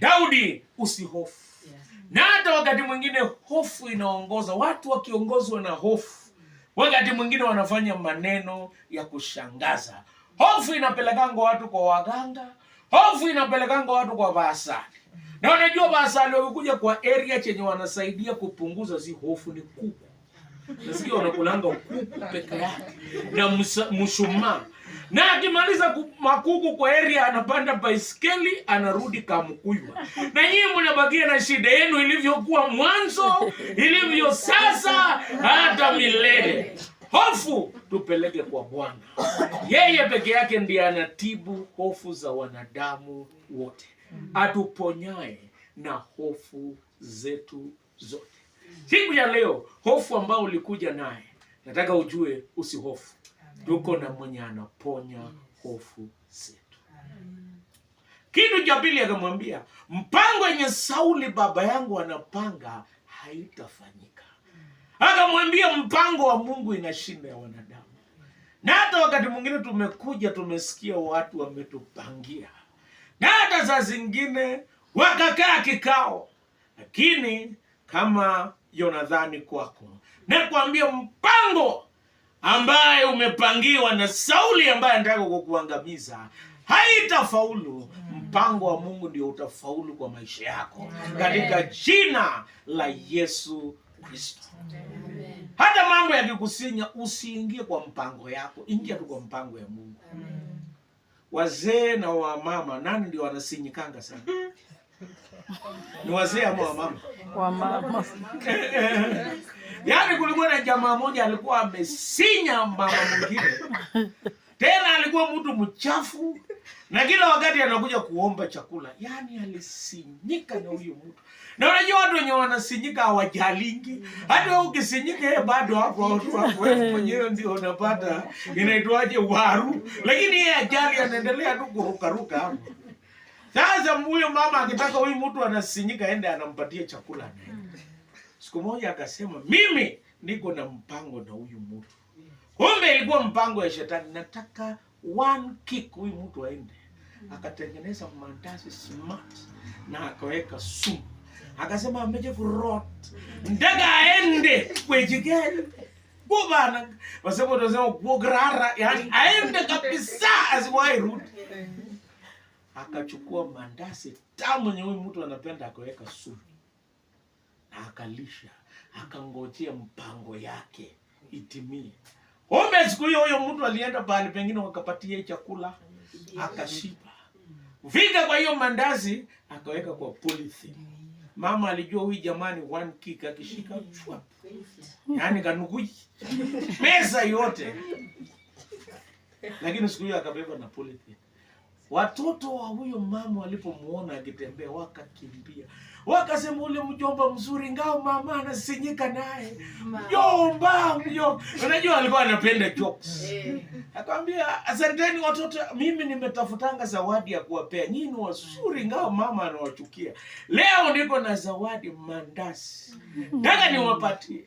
Daudi, usihofu. Yeah. Na hata wakati mwingine hofu inaongoza, watu wakiongozwa na hofu wakati mwingine wanafanya maneno ya kushangaza. Hofu inapelekanga watu kwa waganga, hofu inapelekanga watu kwa vaasali Na unajua vaasali wakikuja kwa area chenye wanasaidia kupunguza si hofu, ni kuku. Nasikia wanakulanga kuku peke yake na mshumaa na akimaliza Makuku kwa area anapanda baiskeli anarudi Kamkuywa, na nyinyi mnabakia na shida yenu ilivyokuwa mwanzo, ilivyo sasa, hata milele. Hofu tupeleke kwa Bwana, yeye peke yake ndiye anatibu hofu za wanadamu wote, atuponyae na hofu zetu zote. Siku ya leo, hofu ambayo ulikuja naye, nataka ujue usihofu tuko na mwenye anaponya hofu zetu. Kitu cha pili akamwambia, mpango yenye Sauli baba yangu anapanga haitafanyika. Akamwambia mpango wa Mungu inashinda ya wanadamu. Na hata wakati mwingine tumekuja tumesikia watu wametupangia, na hata saa zingine wakakaa kikao, lakini kama yonadhani kwako nakwambia mpango ambaye umepangiwa na Sauli ambaye anataka kukuangamiza haitafaulu. Mpango wa Mungu ndio utafaulu kwa maisha yako katika jina la Yesu Kristo. Hata mambo yakikusinya, usiingie kwa mpango yako, ingia tu kwa mpango ya Mungu. Wazee na wamama, nani ndio wanasinyikanga sana? Ni wazee ama wamama? Wamama. Yaani kulikuwa na jamaa moja alikuwa amesinya mama mwingine. Tena alikuwa mtu mchafu na kila wakati anakuja kuomba chakula. Yaani alisinyika na huyo mtu. Na unajua watu wenye wanasinyika hawajalingi. Hata wewe ukisinyika eh, bado hapo watu wako wenyewe ndio unapata inaitwaje waru. Lakini yeye ajali anaendelea tu kurukaruka hapo. Sasa huyo mama akitaka huyu mtu anasinyika ende anampatia chakula. Siku moja akasema, mimi niko na mpango na huyu mtu. Kumbe ilikuwa mpango ya shetani, nataka one kick huyu mtu aende. Akatengeneza mandazi smart na akaweka sumu, akasema ameje kurot ndaga aende kwejigeni kubana wasema tunasema kuograra, yani aende kabisa asiwahi rudi. Akachukua mandazi tamu nyewe, mtu anapenda akaweka sumu na akalisha akangojea mpango yake itimie. Kumbe siku hiyo huyo mtu alienda pahali pengine, wakapatia chakula akashiba, vika kwa hiyo mandazi akaweka kwa polythene. Mama alijua huyu jamani, one kick akishika chwa, yani kanukui pesa yote, lakini siku hiyo akabeba na polythene. Watoto wa huyo mama walipomuona akitembea wakakimbia wakasema ule mjomba mzuri ngao, mama anasinyika naye mjomba mjomba. Unajua alikuwa anapenda jokes eh. akwambia, asanteni watoto, mimi nimetafutanga zawadi ya kuwapea nyinyi, wazuri ngao mama anawachukia. Leo niko na zawadi mandasi, nataka niwapatie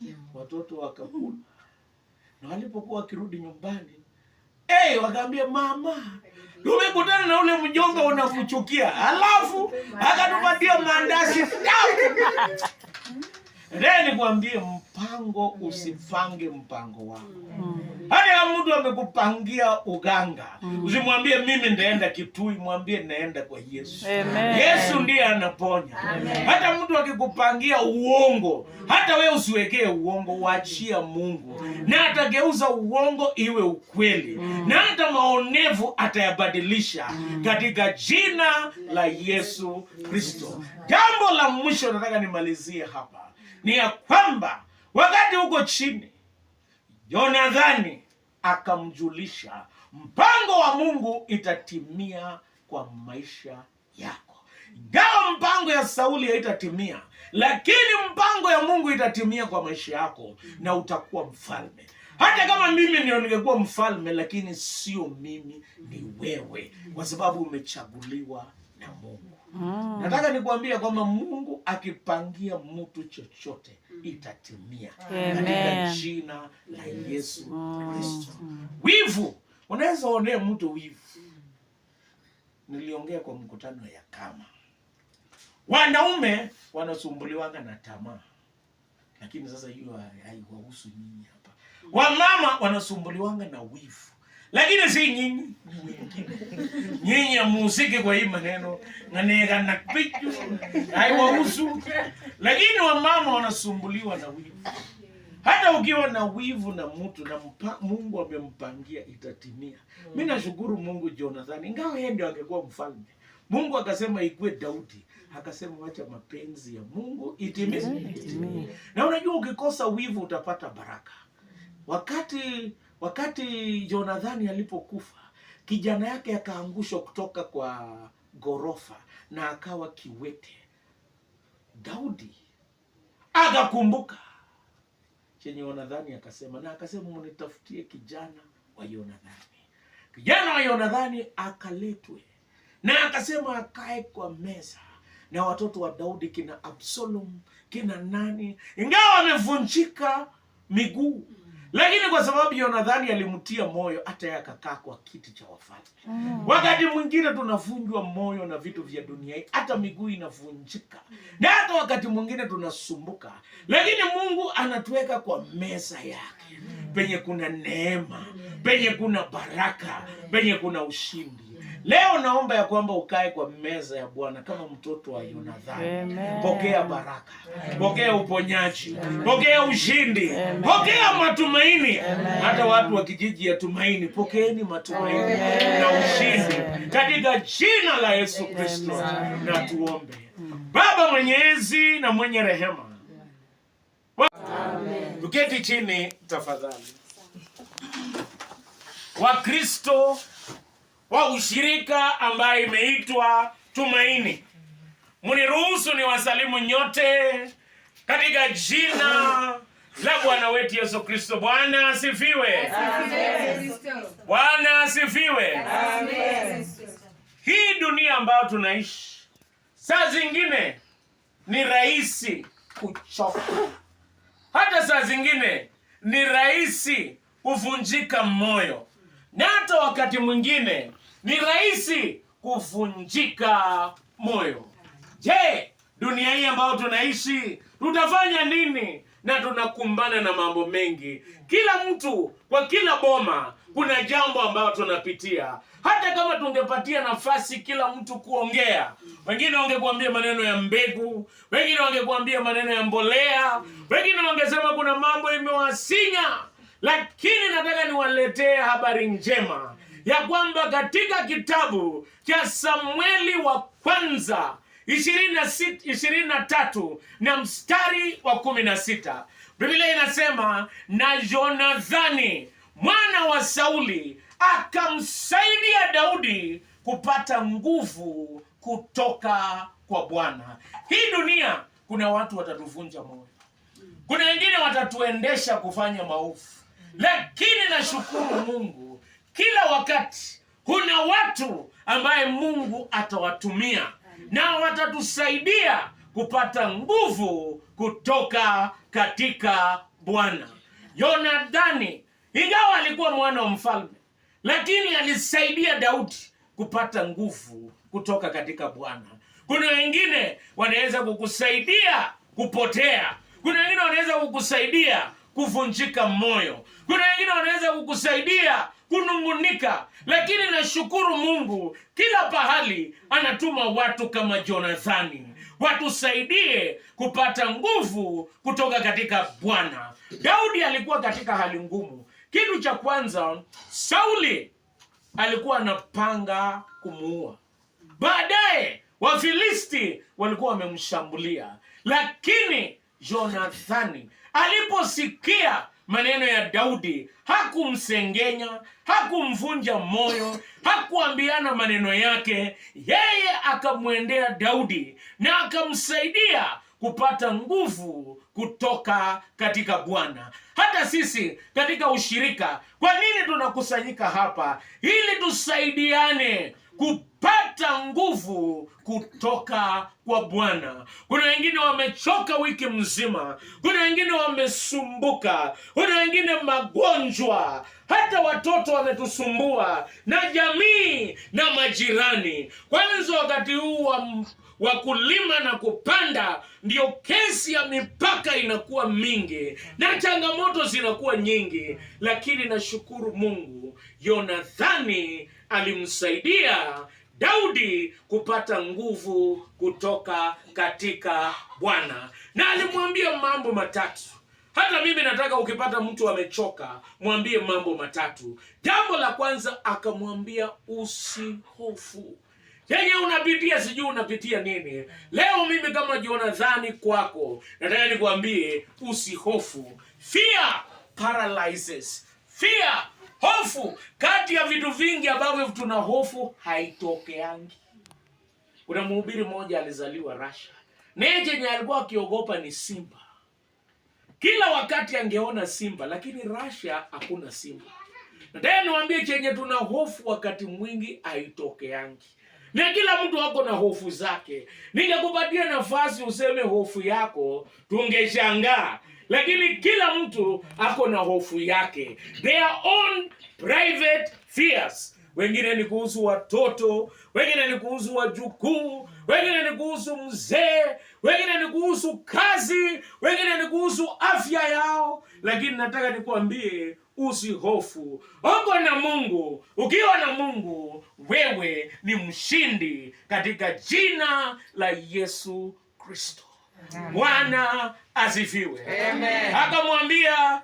mm. watoto. Wakakula na walipokuwa wakirudi nyumbani hey, wakaambia mama, tumekutana na ule mjonga unakuchukia, halafu akatupatia mandasi leo. Nikwambie, mpango usipange mpango wako. Hmm. Hata ya mtu amekupangia uganga, mm. usimwambie mimi ndaenda Kitui, mwambie naenda kwa Yesu. Amen. Yesu ndiye anaponya. Amen. Hata mtu akikupangia uongo, hata we usiwekee uongo, waachia Mungu. Mm. Na atageuza uongo iwe ukweli. Mm. Na hata maonevu atayabadilisha mm. katika jina la Yesu Kristo. Jambo la mwisho nataka nimalizie hapa. Ni ya kwamba wakati uko chini Jonathani akamjulisha mpango wa Mungu itatimia kwa maisha yako. Ingawa mpango ya Sauli haitatimia, lakini mpango ya Mungu itatimia kwa maisha yako na utakuwa mfalme. Hata kama mimi ndio ningekuwa mfalme, lakini sio mimi, ni wewe, kwa sababu umechaguliwa na Mungu. Mm. Nataka nikuambia kwamba Mungu akipangia mtu chochote mm. itatimia katika jina la Yesu mm. Kristo. Mm. Wivu, unaweza onea mtu wivu. Niliongea kwa mkutano ya kama wanaume wanasumbuliwanga na tamaa, lakini sasa hiyo haiwahusu nyinyi hapa. Mm. Wamama wanasumbuliwanga na wivu lakini si nyinyi nyinyi amuhusike kwa hii maneno nganega na pichu haiwahusu, lakini wamama wanasumbuliwa na wivu. Hata ukiwa na wivu na mtu na mpa, Mungu amempangia itatimia. Mimi nashukuru Mungu Jonathan, ingawa yeye ndio angekuwa mfalme, Mungu akasema ikue Daudi, akasema wacha mapenzi ya Mungu itimie mm. Na unajua ukikosa wivu utapata baraka wakati Wakati Jonathani alipokufa, kijana yake akaangushwa kutoka kwa ghorofa na akawa kiwete. Daudi akakumbuka chenye Yonathani akasema, na akasema munitafutie kijana wa Yonathani. Kijana wa Yonathani akaletwe na akasema akae kwa meza na watoto wa Daudi kina Absalom kina nani, ingawa wamevunjika miguu lakini kwa sababu Yonathani alimtia moyo hata yeye akakaa kwa kiti cha wafalme. Mm. Wakati mwingine tunavunjwa moyo na vitu vya dunia hii, hata miguu inavunjika. Na hata wakati mwingine tunasumbuka, lakini Mungu anatuweka kwa meza yake. Mm. Penye kuna neema, penye kuna baraka, penye kuna ushindi. Leo naomba ya kwamba ukae kwa meza ya Bwana kama mtoto wa Yonathani. Pokea baraka, pokea uponyaji, pokea ushindi, pokea matumaini. Hata watu wa kijiji ya Tumaini, pokeeni matumaini na ushindi katika jina la Yesu Kristo. Na tuombe. Baba mwenyezi na mwenye rehema, tuketi chini tafadhali. Wakristo wa ushirika ambayo imeitwa Tumaini. Mniruhusu ni wasalimu nyote katika jina la Bwana wetu Yesu Kristo. Bwana asifiwe. Bwana asifiwe. Hii dunia ambayo tunaishi saa zingine ni rahisi kuchoka, hata saa zingine ni rahisi kuvunjika moyo, na hata wakati mwingine ni rahisi kuvunjika moyo. Je, dunia hii ambayo tunaishi tutafanya nini? Na tunakumbana na mambo mengi, kila mtu kwa kila boma kuna jambo ambayo tunapitia. Hata kama tungepatia nafasi kila mtu kuongea, wengine wangekuambia maneno ya mbegu, wengine wangekuambia maneno ya mbolea, wengine wangesema kuna mambo imewasinya, lakini nataka niwaletee habari njema ya kwamba katika kitabu cha Samueli wa kwanza ishirini na tatu na mstari wa kumi na sita Biblia inasema na Jonathani mwana wa Sauli akamsaidia Daudi kupata nguvu kutoka kwa Bwana. Hii dunia kuna watu watatuvunja moyo, kuna wengine watatuendesha kufanya maovu, lakini nashukuru Mungu kila wakati kuna watu ambaye Mungu atawatumia na watatusaidia kupata nguvu kutoka katika Bwana. yonadhani ingawa alikuwa mwana wa mfalme, lakini alisaidia Daudi kupata nguvu kutoka katika Bwana. Kuna wengine wanaweza kukusaidia kupotea, kuna wengine wanaweza kukusaidia kuvunjika moyo, kuna wengine wanaweza kukusaidia kunungunika, lakini nashukuru Mungu kila pahali anatuma watu kama Jonathani watusaidie kupata nguvu kutoka katika Bwana. Daudi alikuwa katika hali ngumu. Kitu cha kwanza, Sauli alikuwa anapanga kumuua. Baadaye Wafilisti walikuwa wamemshambulia, lakini Jonathani aliposikia maneno ya Daudi. Hakumsengenya, hakumvunja moyo, hakuambiana maneno yake. Yeye akamwendea Daudi na akamsaidia kupata nguvu kutoka katika Bwana. Hata sisi katika ushirika, kwa nini tunakusanyika hapa? Ili tusaidiane kupata nguvu kutoka kwa Bwana. Kuna wengine wamechoka wiki mzima, kuna wengine wamesumbuka, kuna wengine magonjwa, hata watoto wametusumbua na jamii na majirani. Kwanza wakati huu wa wa kulima na kupanda, ndio kesi ya mipaka inakuwa mingi na changamoto zinakuwa nyingi, lakini nashukuru Mungu, Yonathani alimsaidia Daudi kupata nguvu kutoka katika Bwana, na alimwambia mambo matatu. Hata mimi nataka ukipata mtu amechoka, mwambie mambo matatu. Jambo la kwanza akamwambia, usihofu yenye unapitia sijui unapitia nini leo. Mimi kama Jonathani kwako, nataka nikuambie usihofu. Fear paralyzes. Fear Hofu kati ya vitu vingi ambavyo tuna hofu haitokeangi. Kuna mhubiri mmoja alizaliwa Russia. Naye chenye alikuwa akiogopa ni simba. Kila wakati angeona simba, lakini Russia hakuna simba. Nataka niwaambie chenye tuna hofu wakati mwingi haitokeangi. Na kila mtu ako na hofu zake. Ningekupatia nafasi useme hofu yako, tungeshangaa lakini kila mtu ako na hofu yake, their own private fears. Wengine ni kuhusu watoto, wengine ni kuhusu wajukuu, wengine ni kuhusu mzee, wengine ni kuhusu kazi, wengine ni kuhusu afya yao. Lakini nataka nikuambie usihofu, uko na Mungu. Ukiwa na Mungu wewe ni mshindi, katika jina la Yesu Kristo. Bwana asifiwe. Akamwambia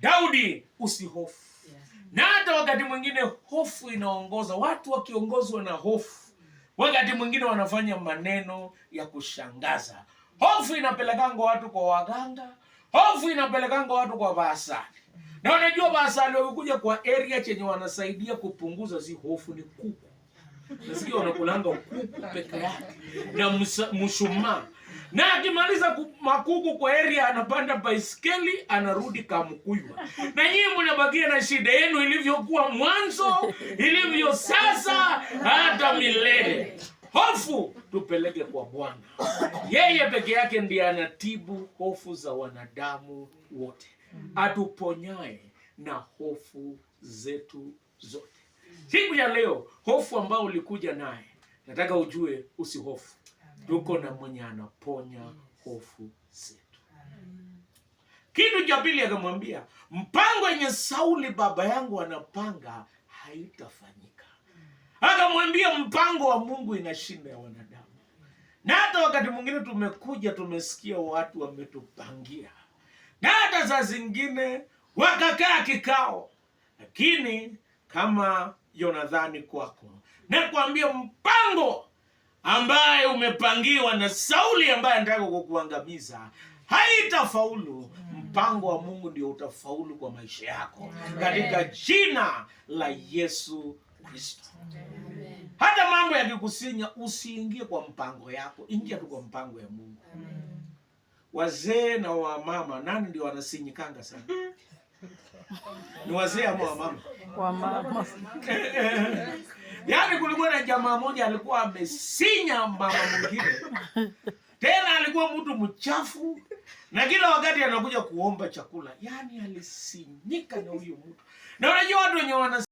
Daudi, usihofu. hofu Na hata wakati mwingine hofu inaongoza watu, wakiongozwa na hofu wakati mwingine wanafanya maneno ya kushangaza. Hofu inapelekanga watu kwa waganga, hofu inapelekanga watu kwa vaasali Na unajua baasali wakikuja kwa area chenye wanasaidia kupunguza si hofu, ni kuku. Nasikia wanakulanga kuku peke yake na mshumaa na akimaliza Makuku kwa area anapanda baiskeli anarudi Kamkuywa, na nyinyi mnabakia na shida yenu ilivyokuwa mwanzo, ilivyo sasa, hata milele. Hofu tupeleke kwa Bwana, yeye peke yake ndiye anatibu hofu za wanadamu wote, atuponyae na hofu zetu zote. Siku ya leo, hofu ambayo ulikuja naye, nataka ujue usihofu tuko na mwenye anaponya hofu zetu. Kitu cha pili akamwambia, mpango yenye Sauli baba yangu anapanga haitafanyika. Akamwambia mpango wa Mungu inashinda ya wanadamu. Na hata wakati mwingine tumekuja tumesikia watu wametupangia, na hata saa zingine wakakaa kikao, lakini kama yonadhani kwako nakwambia mpango ambaye umepangiwa na Sauli ambaye anataka kukuangamiza haitafaulu. Mpango wa Mungu ndio utafaulu kwa maisha yako katika jina la Yesu Kristo. Hata mambo yakikusinya, usiingie kwa mpango yako, ingia tu kwa mpango ya Mungu. Wazee na wamama, nani ndio wanasinyikanga sana? Ni wazee ama wamama? Wamama. Yaani kulikuwa na jamaa moja alikuwa amesinya mama mwingine. Tena alikuwa mtu mchafu na kila wakati anakuja kuomba chakula. Yaani alisinyika na huyo mtu. Na unajua watu wenye wana